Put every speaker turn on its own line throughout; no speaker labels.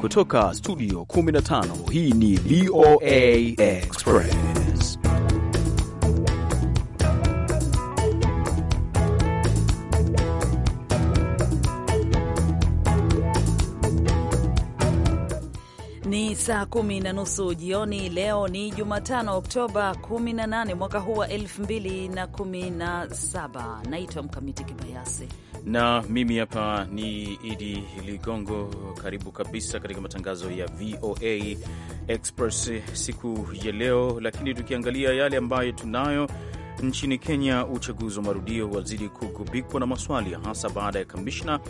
Kutoka studio 15 hii ni VOA Express.
Ni saa kumi na nusu jioni. Leo ni Jumatano, Oktoba 18 mwaka huu wa 2017. Naitwa Mkamiti Kibayasi
na mimi hapa ni Idi Ligongo. Karibu kabisa katika matangazo ya VOA Express siku ya leo, lakini tukiangalia yale ambayo tunayo Nchini Kenya, uchaguzi wa marudio wazidi kugubikwa na maswali, hasa baada ya kamishna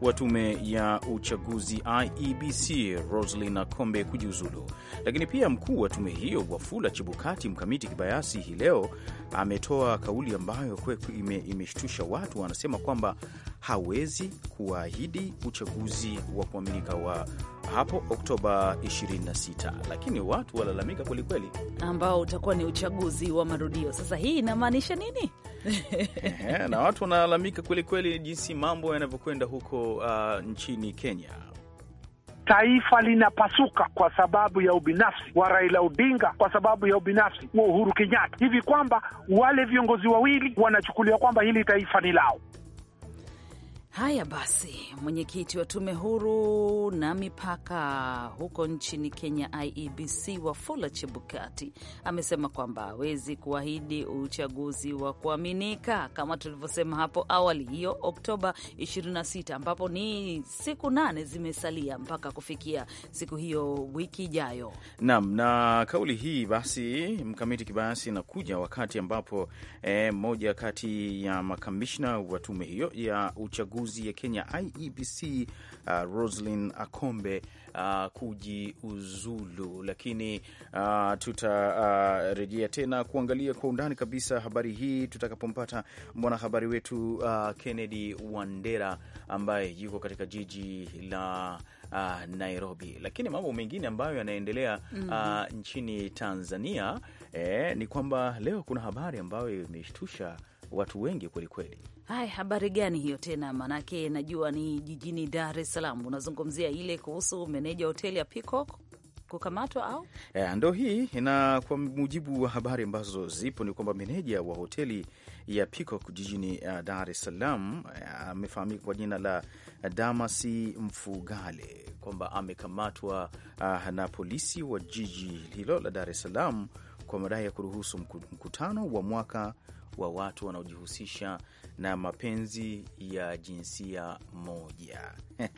wa tume ya uchaguzi IEBC Roselyn Kombe kujiuzulu. Lakini pia mkuu wa tume hiyo Wafula chibukati mkamiti kibayasi hii leo ametoa kauli ambayo ime, imeshtusha watu. Anasema kwamba hawezi kuwaahidi uchaguzi wa kuaminika wa hapo Oktoba 26, lakini watu walalamika kwelikweli,
ambao utakuwa ni uchaguzi wa marudio. Sasa hii inamaanisha nini?
na watu wanalalamika kwelikweli jinsi mambo yanavyokwenda huko uh, nchini Kenya.
Taifa linapasuka kwa sababu ya ubinafsi wa Raila Odinga, kwa sababu ya ubinafsi wa Uhuru Kenyatta, hivi kwamba wale viongozi wawili wanachukuliwa kwamba hili taifa ni lao.
Haya basi, mwenyekiti wa tume huru na mipaka huko nchini Kenya, IEBC, Wafula Chebukati amesema kwamba hawezi kuahidi uchaguzi wa kuaminika kama tulivyosema hapo awali, hiyo Oktoba 26, ambapo ni siku nane zimesalia mpaka kufikia siku hiyo wiki ijayo.
Naam, na kauli hii basi mkamiti kibayasi inakuja wakati ambapo mmoja eh, kati ya makamishna wa tume hiyo ya uchaguzi uchaguzi ya Kenya IEBC uh, Roslyn Akombe uh, kujiuzulu, lakini uh, tutarejea uh, tena kuangalia kwa undani kabisa habari hii tutakapompata mwanahabari wetu uh, Kennedy Wandera ambaye yuko katika jiji la uh, Nairobi. Lakini mambo mengine ambayo yanaendelea mm -hmm. uh, mm-hmm. nchini Tanzania eh, ni kwamba leo kuna habari ambayo imeshtusha watu wengi kwelikweli.
Hai, habari gani hiyo tena? Maanake najua ni jijini Dar es Salaam. Unazungumzia ile kuhusu meneja hoteli ya Peacock kukamatwa au
yeah, ndo hii. Na kwa mujibu wa habari ambazo zipo ni kwamba meneja wa hoteli ya Peacock jijini uh, Dar es Salaam eh, amefahamika uh, kwa jina la Damasi Mfugale kwamba amekamatwa uh, na polisi wa jiji hilo la Dar es Salaam kwa madai ya kuruhusu mkutano wa mwaka wa watu wanaojihusisha na mapenzi ya jinsia moja.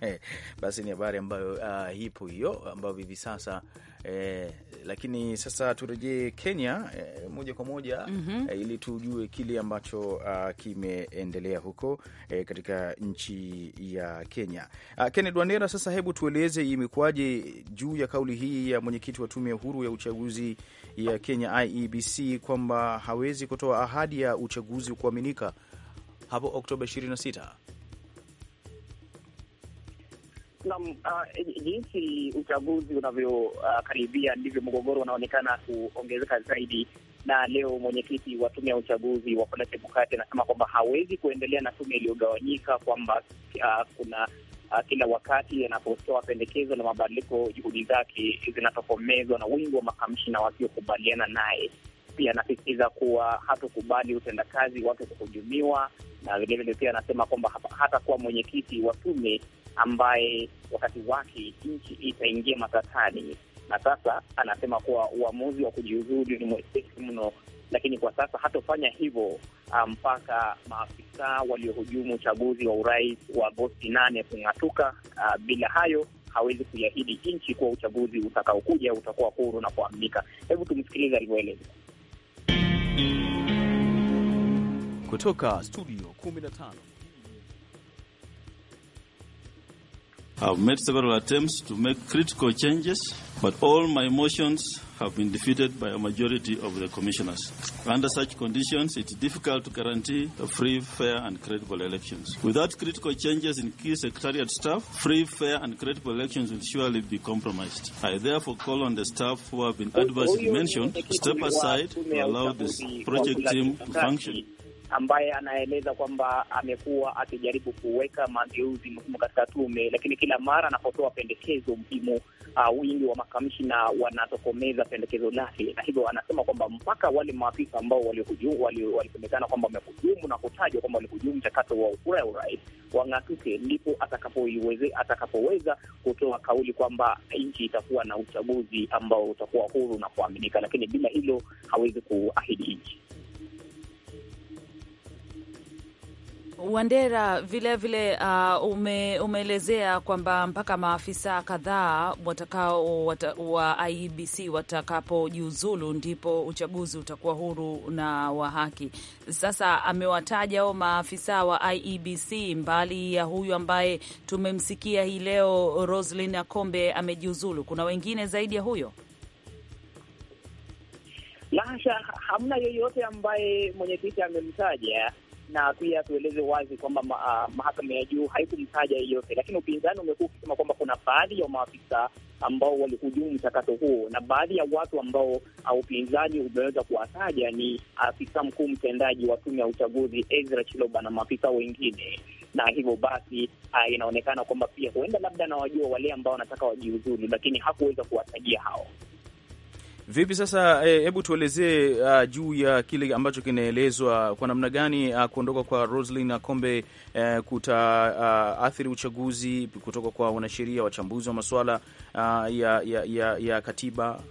Basi ni habari ambayo uh, ah, ipo hiyo ambayo hivi sasa eh, lakini sasa turejee Kenya eh, moja kwa moja mm -hmm. eh, ili tujue kile ambacho uh, kimeendelea huko eh, katika nchi ya Kenya. Uh, ah, Kennedy Wandera, sasa hebu tueleze imekuwaje juu ya kauli hii ya mwenyekiti wa tume ya huru ya uchaguzi ya Kenya IEBC kwamba hawezi kutoa ahadi ya uchaguzi kuaminika hapo Oktoba 26?
Naam, uh, jinsi uchaguzi unavyokaribia uh, ndivyo mgogoro unaonekana kuongezeka zaidi, na leo mwenyekiti wa tume ya uchaguzi Wafula Chebukati anasema kwamba hawezi kuendelea na tume iliyogawanyika, kwamba uh, kuna uh, kila wakati anapotoa pendekezo la mabadiliko, juhudi zake zinatokomezwa na wingi wa makamishina wasiokubaliana naye. Pia anasisitiza kuwa hatukubali utendakazi wake kuhujumiwa, na vilevile pia anasema kwamba hatakuwa mwenyekiti wa tume ambaye wakati wake nchi itaingia matatani. Na sasa anasema kuwa uamuzi wa kujiuzulu ni mwepesi mno, lakini kwa sasa hatofanya hivyo ah, mpaka um, maafisa waliohujumu uchaguzi wa urais wa Agosti nane kung'atuka. Uh, bila hayo hawezi kuiahidi nchi kuwa uchaguzi utakaokuja utakuwa huru na kuaminika. Hebu tumsikilize alivyoeleza. Kutoka studio 15.
I've made several attempts to make critical changes, but all my motions have been defeated by a majority of the commissioners. Under such conditions, it's difficult to guarantee free, fair, and credible elections. Without critical changes in key secretariat staff, free, fair, and credible elections will surely be compromised. I therefore call on the staff who have been adversely mentioned to step aside to allow this project team to function.
ambaye anaeleza kwamba amekuwa akijaribu kuweka mageuzi muhimu katika tume, lakini kila mara anapotoa pendekezo muhimu, uh, wingi wa makamishina wanatokomeza pendekezo lake, na hivyo anasema kwamba mpaka wale maafisa ambao walisemekana kwamba wamehujumu na kutajwa kwamba walihujumu mchakato wa kura ya urais wang'atuke, ndipo atakapoweza kutoa kauli kwamba nchi itakuwa na uchaguzi ambao utakuwa huru na kuaminika, lakini bila hilo hawezi kuahidi nchi.
Wandera, vilevile uh, ume, umeelezea kwamba mpaka maafisa kadhaa watakao wata, wa IEBC watakapojiuzulu ndipo uchaguzi utakuwa huru na wa haki. Sasa amewataja hao maafisa wa IEBC mbali ya huyu ambaye tumemsikia hii leo Roslyn Akombe amejiuzulu, kuna wengine zaidi ya huyo?
Lahasha, hamna yeyote ambaye mwenyekiti amemtaja na pia tueleze wazi kwamba ma, ah, mahakama ya juu haikumtaja yeyote, lakini upinzani umekuwa ukisema kwamba kuna baadhi ya maafisa ambao walihujumu mchakato huo, na baadhi ya watu ambao ah, upinzani umeweza kuwataja ni afisa mkuu mtendaji wa tume ya uchaguzi Ezra Chiloba na maafisa wengine, na hivyo basi uh, inaonekana kwamba pia huenda labda anawajua wale ambao wanataka wajiuzulu, lakini hakuweza kuwatajia hao.
Vipi sasa, eh, hebu e, tuelezee uh, juu ya kile ambacho kinaelezwa kwa namna gani uh, kuondoka kwa Roselyn Akombe uh, eh, kutaathiri ah, uh, uchaguzi kutoka kwa wanasheria wachambuzi wa masuala uh, ya, ya, ya, ya katiba.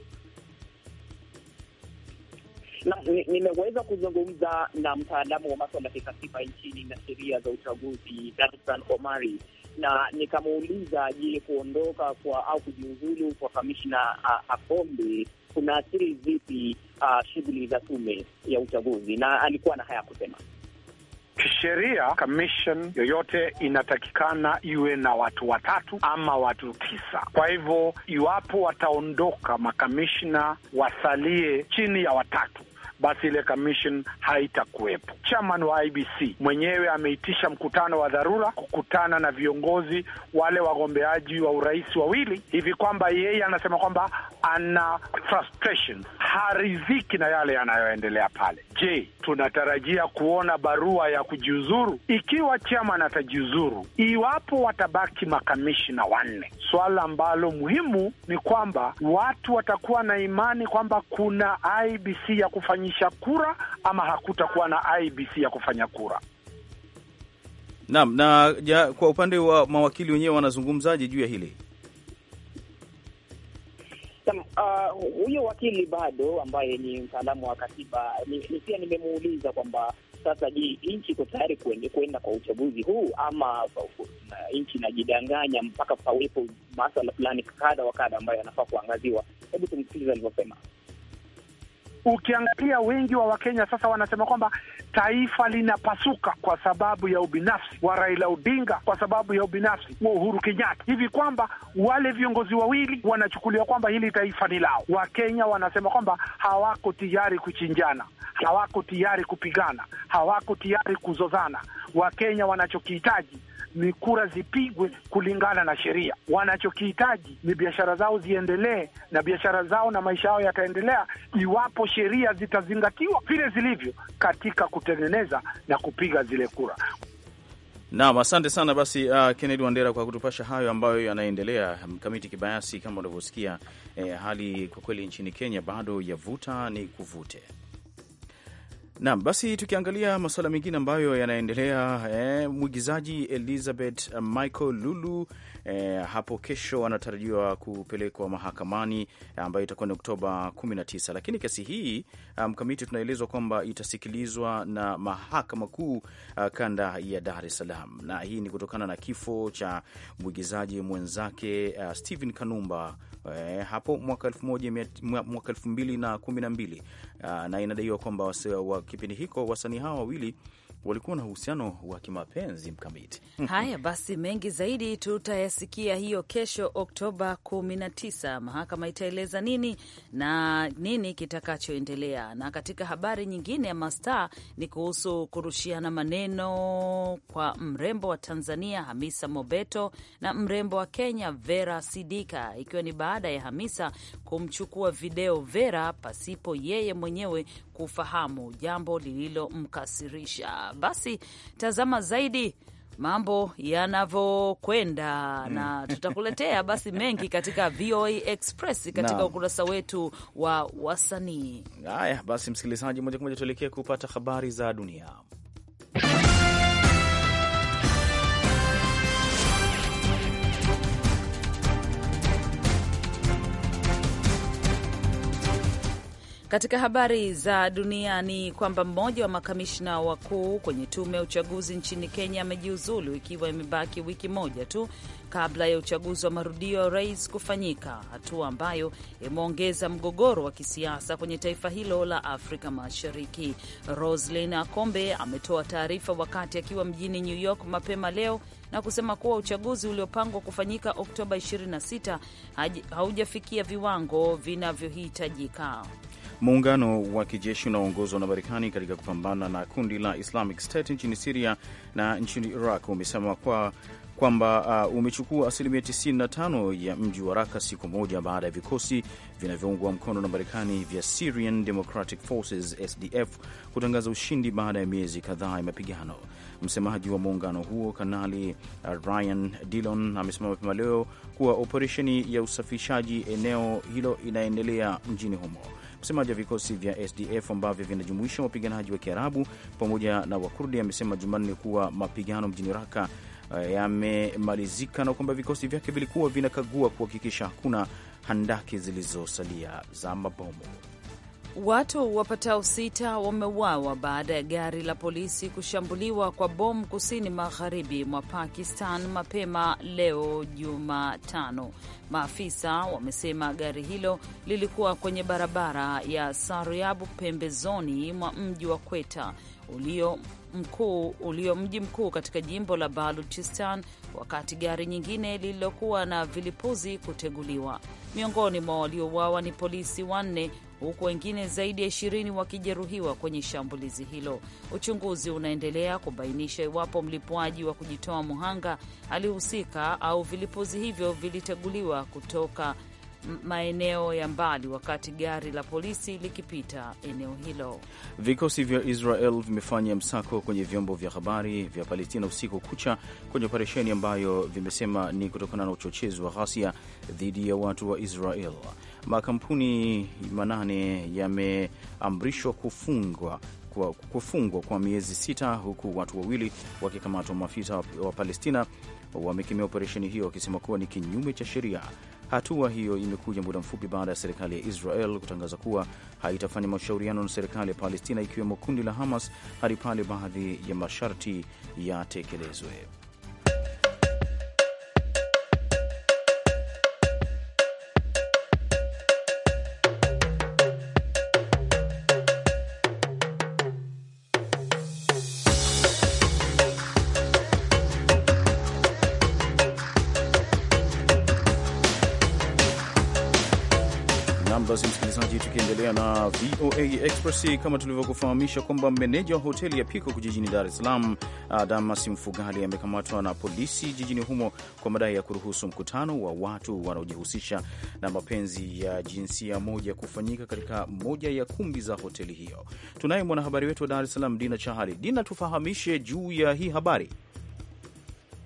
Nimeweza kuzungumza
na mtaalamu wa maswala ya kikatiba nchini na sheria za uchaguzi Danstan Omari na nikamuuliza, je, kuondoka kwa au kujiuzulu kwa kamishna Akombe kuna asiri vipi uh, shughuli za tume ya uchaguzi, na alikuwa na haya kusema.
Kisheria commission yoyote inatakikana iwe na watu watatu ama watu tisa. Kwa hivyo iwapo wataondoka makamishna, wasalie chini ya watatu basi ile commission haitakuwepo. Chairman wa IBC mwenyewe ameitisha mkutano wa dharura kukutana na viongozi wale wagombeaji wa urais wawili hivi, kwamba yeye anasema kwamba ana frustration, haridhiki na yale yanayoendelea pale. Je, tunatarajia kuona barua ya kujiuzuru ikiwa chairman atajiuzuru, iwapo watabaki makamishina wanne? Swala ambalo muhimu ni kwamba watu watakuwa na imani kwamba kuna IBC ya kufanyia kuitisha kura ama hakutakuwa na IBC ya kufanya kura.
Naam, na ja, kwa upande wa mawakili wenyewe wanazungumzaje juu ya hili?
Uh, huyo uh, wakili bado ambaye ni mtaalamu wa katiba ni, ni pia nimemuuliza kwamba sasa, je, nchi iko tayari kuenda kwa uchaguzi huu ama nchi inajidanganya mpaka pawepo masuala fulani kadha wa kadha ambayo yanafaa kuangaziwa? Hebu tumsikilize alivyosema
ukiangalia wengi wa Wakenya sasa wanasema kwamba taifa linapasuka kwa sababu ya ubinafsi wa Raila Odinga, kwa sababu ya ubinafsi wa Uhuru Kenyatta, hivi kwamba wale viongozi wawili wanachukulia kwamba hili taifa ni lao. Wakenya wanasema kwamba hawako tayari kuchinjana, hawako tayari kupigana, hawako tayari kuzozana. Wakenya wanachokihitaji ni kura zipigwe kulingana na sheria. Wanachokihitaji ni biashara zao ziendelee, na biashara zao na maisha yao yataendelea iwapo sheria zitazingatiwa vile zilivyo katika kutengeneza na kupiga zile kura.
Naam, asante sana basi, uh, Kennedy Wandera kwa kutupasha hayo ambayo yanaendelea. Mkamiti Kibayasi, kama unavyosikia, eh, hali kwa kweli nchini Kenya bado yavuta ni kuvute. Naam, basi tukiangalia masuala mengine ambayo yanaendelea, eh, mwigizaji Elizabeth Michael Lulu eh, hapo kesho anatarajiwa kupelekwa mahakamani eh, ambayo itakuwa ni Oktoba 19, lakini kesi hii eh, mkamiti, um, tunaelezwa kwamba itasikilizwa na mahakama kuu uh, kanda ya Dar es Salaam, na hii ni kutokana na kifo cha mwigizaji mwenzake uh, Stephen Kanumba eh, hapo mwaka elfu mbili na kumi na mbili ah, na inadaiwa kwamba wa kipindi hiko wasanii hawa wawili walikuwa na uhusiano wa kimapenzi mkamiti.
Haya basi, mengi zaidi tutayasikia hiyo kesho, Oktoba 19. Mahakama itaeleza nini na nini kitakachoendelea. Na katika habari nyingine ya mastaa ni kuhusu kurushiana maneno kwa mrembo wa Tanzania Hamisa Mobeto na mrembo wa Kenya Vera Sidika, ikiwa ni baada ya Hamisa kumchukua video Vera pasipo yeye mwenyewe kufahamu jambo lililomkasirisha. Basi tazama zaidi mambo yanavyokwenda mm. na tutakuletea basi mengi katika VOA Express katika ukurasa wetu wa wasanii.
Haya basi, msikilizaji, moja kwa moja tuelekee kupata habari za dunia.
Katika habari za dunia ni kwamba mmoja wa makamishna wakuu kwenye tume ya uchaguzi nchini Kenya amejiuzulu ikiwa imebaki wiki moja tu kabla ya uchaguzi wa marudio ya rais kufanyika, hatua ambayo imeongeza mgogoro wa kisiasa kwenye taifa hilo la Afrika Mashariki. Roslyn Akombe ametoa taarifa wakati akiwa mjini New York mapema leo na kusema kuwa uchaguzi uliopangwa kufanyika Oktoba 26 haujafikia viwango vinavyohitajika.
Muungano wa kijeshi unaoongozwa na Marekani katika kupambana na kundi la Islamic State nchini Siria na nchini Iraq umesema kwa kwamba uh, umechukua asilimia 95 ya mji wa Raka siku moja baada ya vikosi vinavyoungwa mkono na Marekani vya Syrian Democratic Forces SDF kutangaza ushindi baada ya miezi kadhaa ya mapigano. Msemaji wa muungano huo Kanali uh, Ryan Dillon amesema mapema leo kuwa operesheni ya usafishaji eneo hilo inaendelea mjini humo. Msemaji wa vikosi vya SDF ambavyo vinajumuisha wapiganaji wa Kiarabu pamoja na Wakurdi amesema Jumanne kuwa mapigano mjini Raka eh, yamemalizika na kwamba vikosi vyake vilikuwa vinakagua kuhakikisha hakuna handaki zilizosalia za mabomu.
Watu wapatao sita wameuawa baada ya gari la polisi kushambuliwa kwa bomu kusini magharibi mwa Pakistan mapema leo Jumatano. Maafisa wamesema gari hilo lilikuwa kwenye barabara ya sariabu pembezoni mwa mji wa Kweta ulio mkuu ulio mji mkuu katika jimbo la Baluchistan, wakati gari nyingine lililokuwa na vilipuzi kuteguliwa. Miongoni mwa waliouawa ni polisi wanne huku wengine zaidi ya ishirini wakijeruhiwa kwenye shambulizi hilo. Uchunguzi unaendelea kubainisha iwapo mlipuaji wa kujitoa muhanga alihusika au vilipuzi hivyo viliteguliwa kutoka maeneo ya mbali wakati gari la polisi likipita eneo hilo.
Vikosi vya Israel vimefanya msako kwenye vyombo vya habari vya Palestina usiku kucha kwenye operesheni ambayo vimesema ni kutokana na uchochezi wa ghasia dhidi ya watu wa Israel makampuni manane yameamrishwa kufungwa kwa, kufungwa kwa miezi sita huku watu wawili wakikamatwa. Maafisa wa Palestina wamekemea operesheni hiyo wakisema kuwa ni kinyume cha sheria. Hatua hiyo imekuja muda mfupi baada ya serikali ya Israel kutangaza kuwa haitafanya mashauriano na serikali ya Palestina ikiwemo kundi la Hamas hadi pale baadhi ya masharti yatekelezwe. basi msikilizaji, tukiendelea na VOA Express kama tulivyokufahamisha kwamba meneja wa hoteli ya piko jijini Dar es Salaam Damas Mfugali amekamatwa na polisi jijini humo kwa madai ya kuruhusu mkutano wa watu wanaojihusisha na mapenzi ya jinsia moja kufanyika katika moja ya kumbi za hoteli hiyo. Tunaye mwanahabari wetu wa Dar es Salaam Dina Chahali. Dina, tufahamishe juu ya hii habari.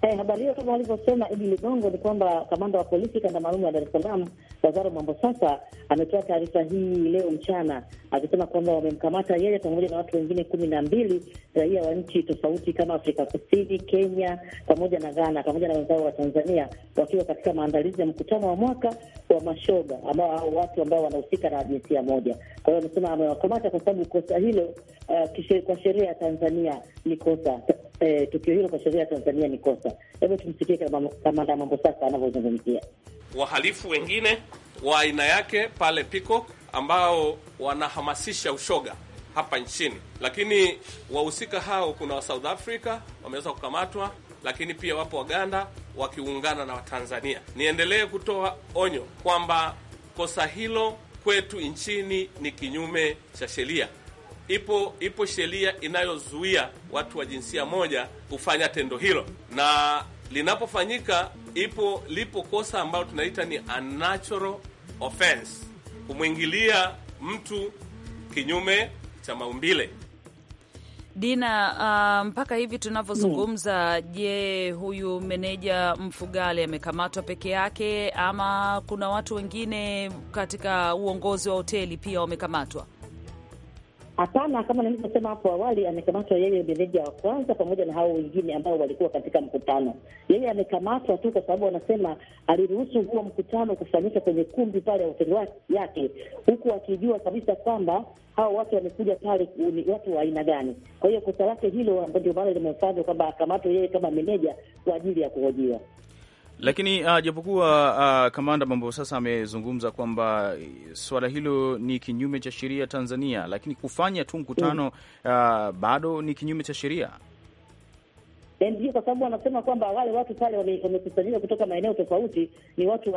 Eh, habari hiyo kama alivyosema Idi Ligongo ni kwamba kamanda wa polisi kanda maalum ya Dar es Salaam Lazaro sasa ametoa taarifa hii leo mchana akisema kwamba wamemkamata yeye pamoja na watu wengine kumi na mbili raia wa nchi tofauti kama Afrika Kusini, Kenya pamoja na Ghana pamoja na wenzao wa Tanzania wakiwa katika maandalizi ya mkutano wa mwaka wa mashoga ambao hao watu ambao wanahusika na jinsia moja. Kwa hiyo amesema amewakamata kwa sababu kosa hilo uh, kwa sheria ya Tanzania ni kosa eh, tukio hilo kwa sheria ya Tanzania ni kosa. Hebu tumsikie kamanda mambo sasa anavyozungumzia
wahalifu wengine wa aina yake pale piko ambao wanahamasisha ushoga hapa nchini, lakini wahusika hao, kuna wa South Africa wameweza kukamatwa, lakini pia wapo Waganda wakiungana na Watanzania. Niendelee kutoa onyo kwamba kosa hilo kwetu nchini ni kinyume cha sheria ipo ipo sheria inayozuia watu wa jinsia moja kufanya tendo hilo, na linapofanyika ipo lipo kosa ambalo tunaita ni unnatural offense, kumwingilia mtu kinyume cha maumbile.
Dina, uh, mpaka hivi tunavyozungumza, je, huyu meneja Mfugale amekamatwa peke yake ama kuna watu wengine katika uongozi wa hoteli pia wamekamatwa?
Hapana, kama nilivyosema hapo awali, amekamatwa yeye meneja wa kwanza pamoja na hao wengine ambao walikuwa katika mkutano. Yeye amekamatwa tu kwa sababu wanasema aliruhusu huo mkutano kufanyika kwenye kumbi pale ya hoteli yake, huku akijua kabisa kwamba hao watu wamekuja pale ni watu wa aina gani. Kwa hiyo kosa lake hilo ndio maana limefanywa kwamba akamatwe yeye kama meneja kwa ajili ya kuhojiwa.
Lakini uh, japokuwa uh, kamanda mambo sasa amezungumza kwamba eh, swala hilo ni kinyume cha sheria Tanzania, lakini kufanya tu mkutano uh, bado ni kinyume cha sheria
eh, ndio, kwa sababu wanasema kwamba wale watu pale wamekusanyika kutoka maeneo tofauti, ni watu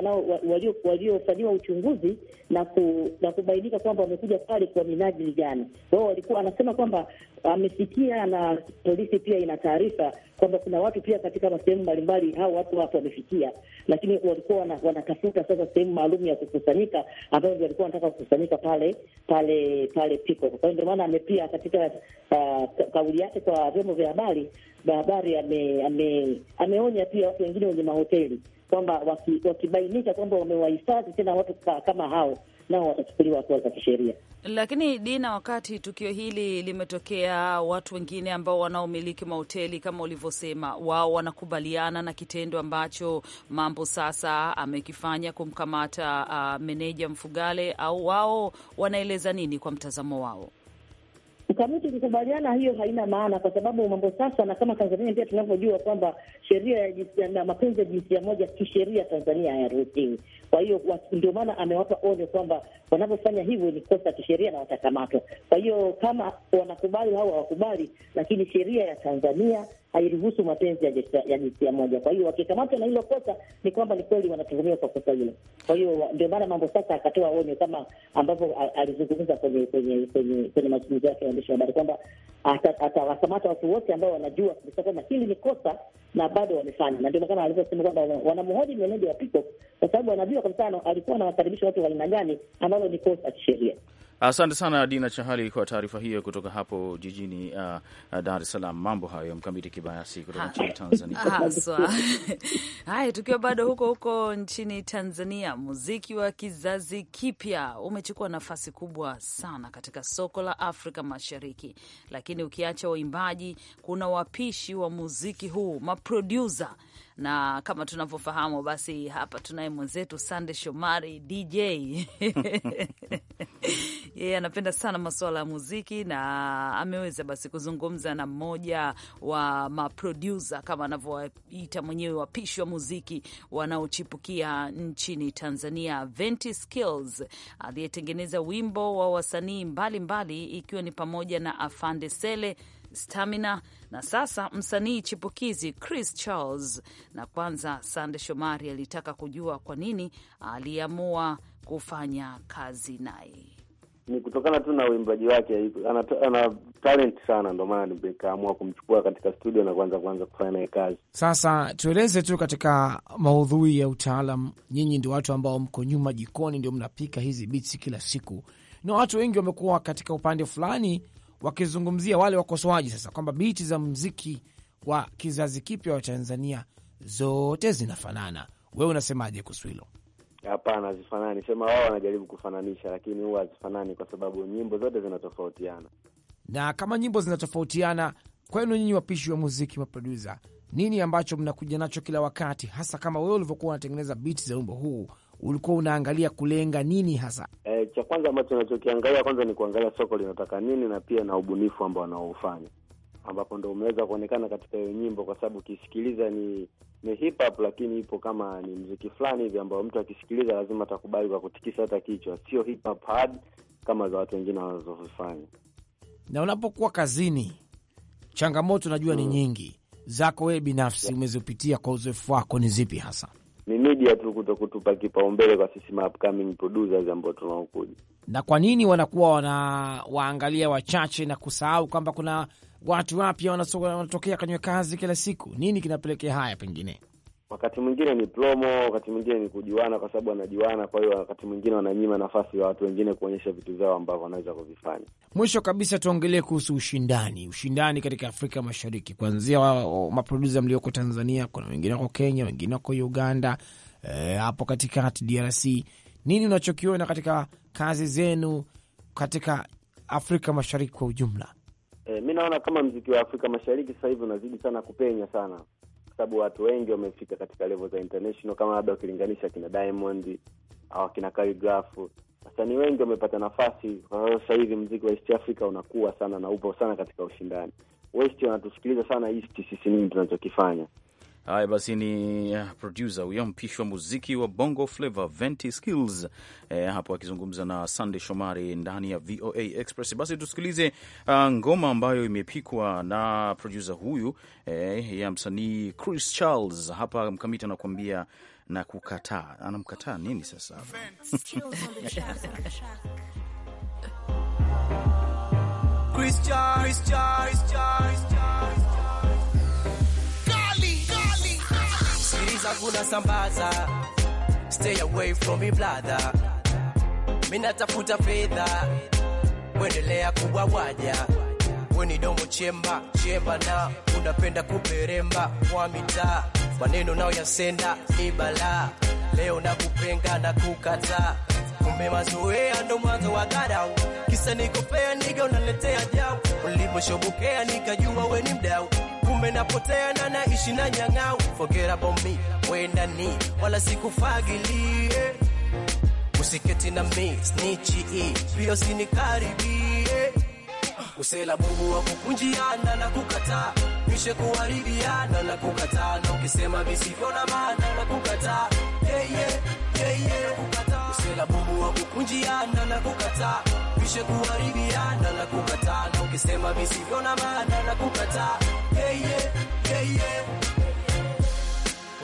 waliofanyiwa uchunguzi na ku, na kubainika kwamba wamekuja pale kwa minajili gani. Wao walikuwa anasema kwamba amesikia na polisi pia ina taarifa kwamba kuna watu pia katika sehemu mbalimbali, hao watu wapo wamefikia, lakini walikuwa wana, wanatafuta sasa sehemu maalum ya kukusanyika, ambayo ndio walikuwa wanataka kukusanyika pale pale pale Piko. Kwa hiyo ndio maana amepia katika uh, kauli yake kwa vyombo vya habari habari ame, ame, ameonya pia watu wengine wenye mahoteli kwamba wakibainika waki kwamba wamewahifadhi tena watu kama hao nao watachukuliwa hatua za kisheria.
Lakini Dina, wakati tukio hili limetokea, watu wengine ambao wanaomiliki mahoteli kama ulivyosema, wao wanakubaliana na kitendo ambacho Mambo sasa amekifanya kumkamata uh, meneja Mfugale, au wao wanaeleza nini kwa mtazamo wao?
Mkamiti ukikubaliana hiyo haina maana, kwa sababu Mambo sasa na kama Tanzania pia tunavyojua kwamba sheria ya jinsia na mapenzi ya jinsia moja kisheria Tanzania hayaruhusiwi. Kwa hiyo ndio maana amewapa onyo kwamba wanavyofanya hivyo ni kosa kisheria na watakamatwa. Kwa hiyo kama wanakubali au hawakubali, lakini sheria ya Tanzania hairuhusu mapenzi ya jinsia ya jinsia moja. Kwa hiyo wakikamatwa na hilo kosa, ni kwamba ni kweli wanatuhumiwa kwa kosa hilo. Kwa hiyo ndio maana mambo sasa akatoa onyo kama ambavyo alizungumza kwenye kwenye kwenye kwenye mazungumzo yake ya waandishi wa habari kwamba atawakamata watu wote ambao wanajua kabisa kwamba hili ni kosa na bado wamefanya, na ndio maana alivyosema kwamba wanamhoji meneja wa Peacock kwa sababu wanajua kabisa alikuwa anawakaribisha watu wa aina gani ambalo ni kosa kisheria.
Asante sana Dina Chahali kwa taarifa hiyo kutoka hapo jijini uh, uh Dar es Salaam. Mambo hayo mkamiti kibayasi kutoka nchini Tanzania haswa.
Haya, tukiwa bado huko huko nchini Tanzania, muziki wa kizazi kipya umechukua nafasi kubwa sana katika soko la Afrika Mashariki, lakini ukiacha waimbaji, kuna wapishi wa muziki huu maprodusa na kama tunavyofahamu basi, hapa tunaye mwenzetu Sande Shomari DJ yeye yeah, anapenda sana masuala ya muziki na ameweza basi kuzungumza na mmoja wa maprodusa kama anavyoita mwenyewe wapishi wa muziki wanaochipukia nchini Tanzania, Venti Skills aliyetengeneza wimbo wa wasanii mbalimbali ikiwa ni pamoja na Afande Sele Stamina na sasa msanii chipukizi Chris Charles. Na kwanza Sande Shomari alitaka kujua kwa nini aliamua kufanya kazi naye
ni kutokana tu na uimbaji wake. Ana, ana talent sana, ndo maana nikaamua kumchukua katika studio na kuanza kuanza kufanya naye kazi.
Sasa tueleze tu katika maudhui ya utaalam, nyinyi ndio watu ambao mko nyuma jikoni, ndio mnapika hizi beats kila siku, na watu wengi wamekuwa katika upande fulani wakizungumzia wale wakosoaji sasa kwamba biti za mziki wa kizazi kipya wa Tanzania zote zinafanana. Wewe unasemaje kuhusu hilo?
Hapana, hazifanani. Sema wao wanajaribu kufananisha, lakini huwa hazifanani kwa sababu nyimbo zote zinatofautiana.
Na kama nyimbo zinatofautiana, kwenu nyinyi wapishi wa muziki, maprodusa, nini ambacho mnakuja nacho kila wakati, hasa kama wewe ulivyokuwa unatengeneza biti za wimbo huu ulikuwa unaangalia kulenga nini hasa?
E,
cha kwanza ambacho nachokiangalia kwanza ni kuangalia soko linataka nini, na pia na ubunifu ambao wanaoufanya ambapo ndo umeweza kuonekana katika hiyo nyimbo, kwa sababu ukisikiliza ni ni hip hop, lakini ipo kama ni mziki fulani hivi ambao mtu akisikiliza lazima atakubali kwa kutikisa hata kichwa, sio hip hop hard kama za watu wengine wanazofanya.
Na unapokuwa kazini, changamoto najua mm, ni nyingi zako wewe binafsi umezipitia kwa uzoefu wako, ni zipi
hasa? Ni media tu kuto kutupa kipaumbele kwa sisi ma upcoming producers ambao tunaokuja.
Na kwa nini wanakuwa wana waangalia wachache na kusahau kwamba kuna watu wapya wanatokea kwenye kazi kila siku. Nini kinapelekea haya? Pengine
wakati mwingine ni promo, wakati mwingine ni kujuana, kwa sababu wanajuana. Kwa hiyo wakati mwingine wananyima nafasi ya watu wengine kuonyesha vitu vyao ambavyo wanaweza kuvifanya.
Mwisho kabisa, tuongelee kuhusu ushindani, ushindani katika Afrika Mashariki, kuanzia maprodusa mlioko Tanzania, kuna wengine wako Kenya, wengine wako Uganda, eh, hapo e, katikati DRC. Nini unachokiona katika kazi zenu katika Afrika Mashariki kwa ujumla?
E, mi naona kama mziki wa Afrika Mashariki sasa hivi unazidi sana kupenya sana, kwa sababu watu wengi wamefika katika level za international, kama labda ukilinganisha kina Diamond au akina Khaligraph, wasanii wengi wamepata nafasi. Kwa hiyo sasa hivi mziki wa East Africa unakuwa sana na upo sana katika ushindani. West wanatusikiliza sana, East sisi nini tunachokifanya
Haya basi, ni eh, produsa huyo mpishi wa muziki wa bongo flava Venti Skills eh, hapo akizungumza na Sandey Shomari ndani ya VOA Express. Basi tusikilize uh, ngoma ambayo imepikwa na produsa huyu eh, ya msanii Chris Charles. Hapa mkamiti anakuambia na kukataa, anamkataa nini sasa?
Chris Charles, Chris Charles, Charles. zangu nasambaza, stay away from me brother, minatafuta fedha, kuendelea kubwawaja weni domo chemba chemba, na unapenda kuperemba kwa mitaa, maneno nayo yasenda ni balaa, leo nakupenga na kukataa, kumbe mazoea ndo mwanzo wa dharau, kisa nikopea niga unaletea jau, uliposhobokea nikajua weni mdau kumbe napotea na naishi na nyang'au. Forget about me, wenda ni wala sikufagilie, usiketi na mimi snichi i pia usinikaribie, usela bubu wa kukunjiana na kukataa mishe kuharibiana na kukataa na ukisema visivyo na maana na kukataa, yeah, yeah, yeah, yeah, kukataa usela bubu kuwa kukunjiana na kukataa, vishe kuharibiana na kukataa, na ukisema visivyo na maana na kukataa. yeah, yeah, yeah, yeah.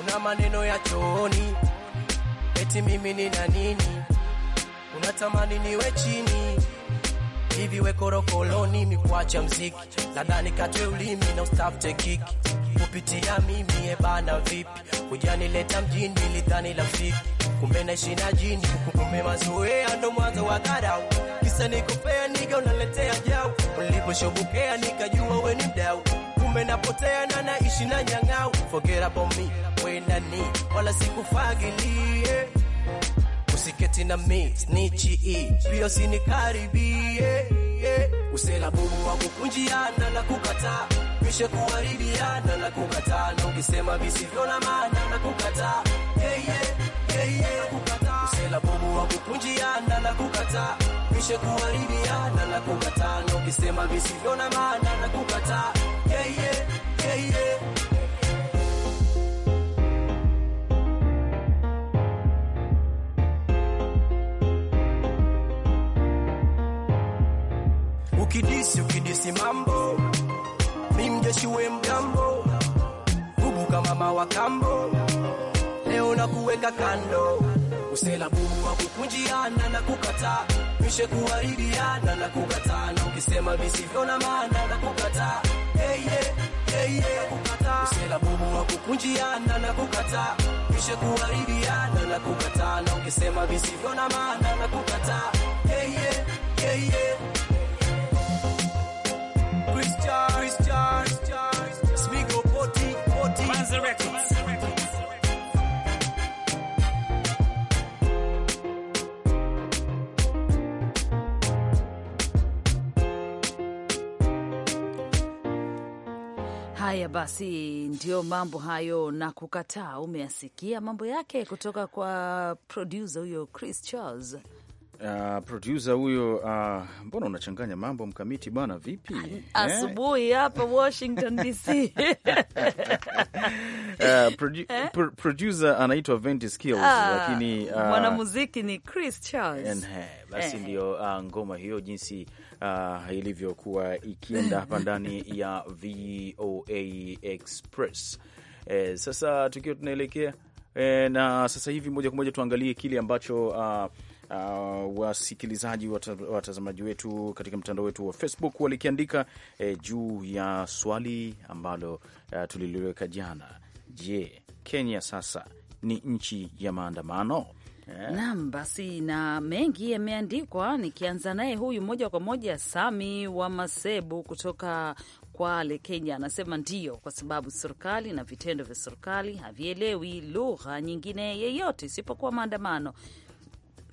Una maneno ya chooni, eti mimi nina nini? Unatamani niwe chini hivi we korokoloni, mikuacha mziki, nadhani katwe ulimi na ustafute kiki kupitia mimi ebana, eh, vipi kujanileta mjini, lidhani lafiki kumbe naishi na jini, kumbe mazoea ndo mwanzo wa dharau. Kisa nikupea niga unaletea jau, uliposhobokea nikajua we ni mdau, kumbe napotea na naishi na nyang'au. Forget about me, we nani wala sikufagilie, usiketi na mi snichi pia usinikaribie, usela bubu wa kukunjiana na kukataa Mishe kuharibiana na kukataa na ukisema visivyo na maana na kukataa yeah, yeah. Usela bobu wa kukunjia na nakukataa, mishe na nakukataa, na ukisema visivyo na maana Ukidisi, ukidisi mambo, mi mjeshi we mgambo, bubu kama kambo na kuweka kando, uselabu kwa kukunjiana na kukataa, mishe kuahidiana na kukataa, na ukisema visivyo na maana na kukataa, hey, yeah, hey, yeah, wa kukunjiana na mishe na na ukisema na maana na hey, yeah, hey, yeah. Christian, Christian,
Haya basi, ndio mambo hayo na kukataa. Umeyasikia mambo yake kutoka kwa produsa huyo Chris Charles.
Uh, ah,
produsa huyo uh, mbona unachanganya mambo mkamiti bwana, vipi ah, eh? asubuhi
hapa eh? Washington DC
uh, produ eh? pr produsa anaitwa Venti Skills ah, lakini uh, mwanamuziki
ni Chris Charles. Eh, basi eh.
ndio uh, ngoma hiyo jinsi uh, ilivyokuwa ikienda hapa ndani ya VOA Express. Eh, sasa tukiwa tunaelekea eh, na sasa hivi moja kwa moja tuangalie kile ambacho uh, Uh, wasikilizaji watazamaji wetu katika mtandao wetu wa Facebook walikiandika eh, juu ya swali ambalo uh, tuliliweka jana. Je, Kenya sasa ni nchi ya maandamano? yeah.
Naam, basi na mengi yameandikwa, nikianza naye huyu moja kwa moja, Sami wa Masebu kutoka Kwale, Kenya, anasema ndiyo, kwa sababu serikali na vitendo vya serikali havielewi lugha nyingine yeyote isipokuwa maandamano.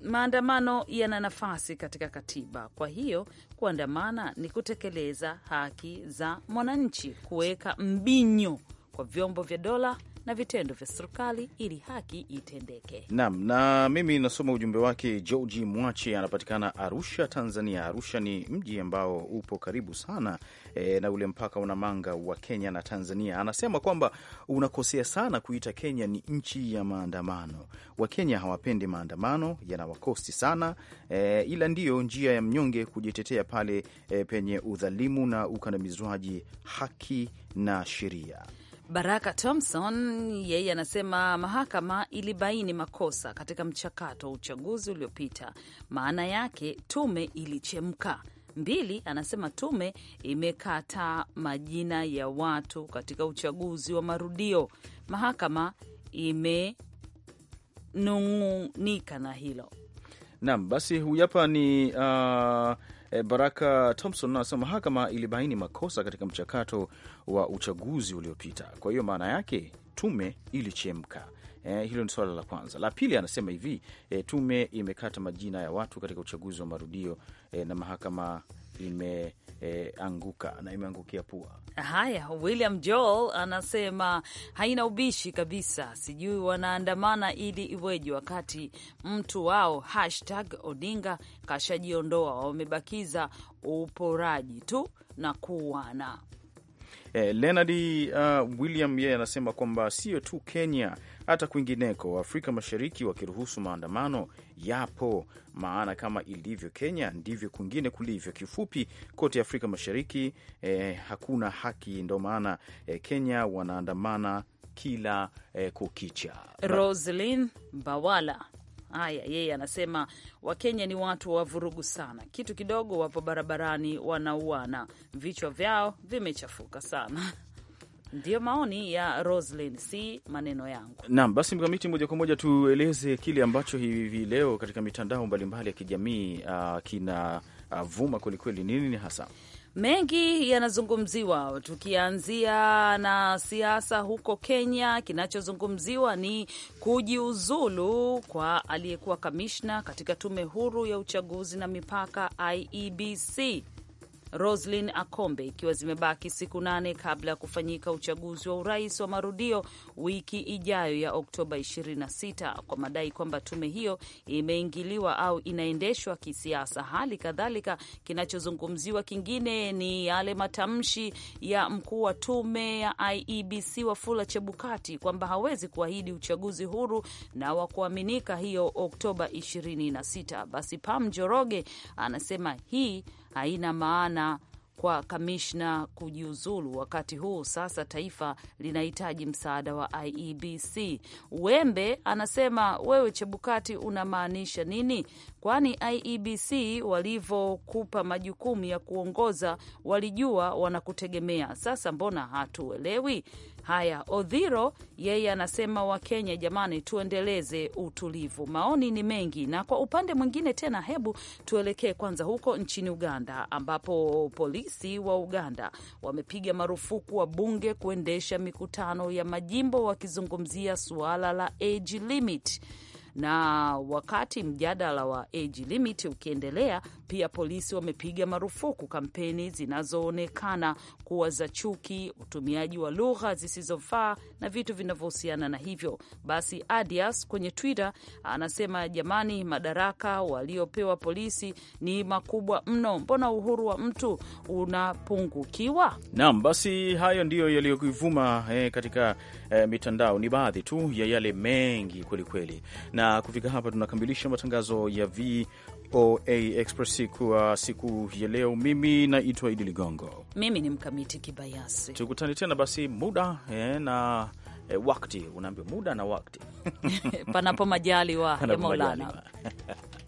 Maandamano yana nafasi katika katiba, kwa hiyo kuandamana ni kutekeleza haki za mwananchi, kuweka mbinyo kwa vyombo vya dola na vitendo vya serikali ili haki itendeke.
Naam, na mimi nasoma ujumbe wake. Georgi Mwache anapatikana Arusha, Tanzania. Arusha ni mji ambao upo karibu sana e, na ule mpaka unamanga wa Kenya na Tanzania. Anasema kwamba unakosea sana kuita Kenya ni nchi ya maandamano. Wakenya hawapendi maandamano, yanawakosti sana e, ila ndiyo njia ya mnyonge kujitetea pale e, penye udhalimu na ukandamizwaji haki na sheria.
Baraka Thompson yeye anasema mahakama ilibaini makosa katika mchakato wa uchaguzi uliopita, maana yake tume ilichemka. Mbili anasema tume imekata majina ya watu katika uchaguzi wa marudio. Mahakama imenung'unika na hilo.
Naam, basi huyu hapa ni uh... Eh, Baraka Thompson anasema mahakama ilibaini makosa katika mchakato wa uchaguzi uliopita, kwa hiyo maana yake tume ilichemka. Eh, hilo ni suala la kwanza. La pili anasema hivi eh, tume imekata majina ya watu katika uchaguzi wa marudio eh, na mahakama imeanguka e, na imeangukia pua.
Haya, William Joel anasema haina ubishi kabisa, sijui wanaandamana ili iweje, wakati mtu wao hashtag Odinga kashajiondoa, wamebakiza uporaji tu na kuuana.
Eh, Leonard uh, William yeye anasema kwamba sio tu Kenya, hata kwingineko Afrika Mashariki wakiruhusu maandamano yapo, maana kama ilivyo Kenya ndivyo kwingine kulivyo. Kifupi, kote Afrika Mashariki eh, hakuna haki, ndo maana eh, Kenya wanaandamana kila eh, kukicha.
Roslin Bawala Haya, yeye anasema Wakenya ni watu wa vurugu sana, kitu kidogo wapo barabarani wanauana, vichwa vyao vimechafuka sana. Ndiyo maoni ya roslin si maneno yangu.
Naam, basi Mkamiti, moja kwa moja tueleze kile ambacho hivi leo katika mitandao mbalimbali ya kijamii uh, kina uh, vuma kwelikweli. Nini hasa
mengi yanazungumziwa, tukianzia na siasa huko Kenya. Kinachozungumziwa ni kujiuzulu kwa aliyekuwa kamishna katika tume huru ya uchaguzi na mipaka IEBC roslin Akombe, ikiwa zimebaki siku nane kabla ya kufanyika uchaguzi wa urais wa marudio wiki ijayo ya Oktoba 26 kwa madai kwamba tume hiyo imeingiliwa au inaendeshwa kisiasa. Hali kadhalika, kinachozungumziwa kingine ni yale matamshi ya mkuu wa tume ya IEBC Wafula Chebukati kwamba hawezi kuahidi uchaguzi huru na wa kuaminika hiyo Oktoba 26. Basi Pam Joroge anasema hii haina maana kwa kamishna kujiuzulu wakati huu. Sasa taifa linahitaji msaada wa IEBC. Wembe anasema wewe, Chebukati, unamaanisha nini? Kwani IEBC walivyokupa majukumu ya kuongoza walijua wanakutegemea. Sasa mbona hatuelewi? Haya, Odhiro yeye anasema Wakenya jamani, tuendeleze utulivu. Maoni ni mengi, na kwa upande mwingine tena, hebu tuelekee kwanza huko nchini Uganda, ambapo polisi wa Uganda wamepiga marufuku wa bunge kuendesha mikutano ya majimbo wakizungumzia suala la age limit na wakati mjadala wa age limit ukiendelea, pia polisi wamepiga marufuku kampeni zinazoonekana kuwa za chuki, utumiaji wa lugha zisizofaa na vitu vinavyohusiana na hivyo. Basi Adias kwenye Twitter anasema jamani, madaraka waliopewa polisi ni makubwa mno, mbona uhuru wa mtu unapungukiwa?
Naam, basi hayo ndiyo yaliyoivuma eh, katika eh, mitandao. Ni baadhi tu ya yale mengi kwelikweli, na kufika hapa tunakamilisha matangazo ya v VOA Express kwa uh, siku ya leo. Mimi naitwa Idi Ligongo,
mimi ni Mkamiti Kibayasi.
Tukutane tena basi muda eh, na eh, wakti unaambia muda na wakti
panapo majaliwa ya Maulana.